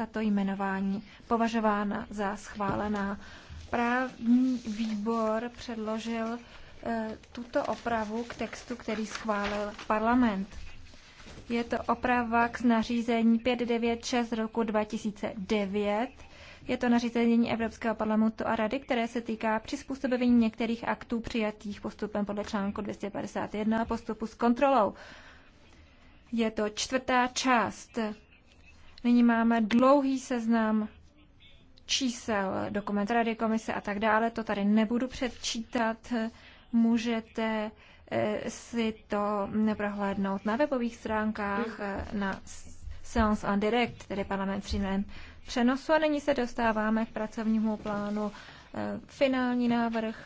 tato jmenování považována za schválená. Právní výbor předložil eh, tuto opravu k textu, který schválil parlament. Je to oprava k nařízení 596 roku 2009. Je to nařízení Evropského parlamentu a rady, které se týká přizpůsobení některých aktů přijatých postupem podle článku 251 postupu s kontrolou. Je to čtvrtá část Nyní máme dlouhý seznam čísel, dokument Rady komise a tak dále. To tady nebudu předčítat. Můžete eh, si to prohlédnout na webových stránkách eh, na Science on Direct, tedy parlament přímém přenosu. A nyní se dostáváme k pracovnímu plánu. Eh, finální návrh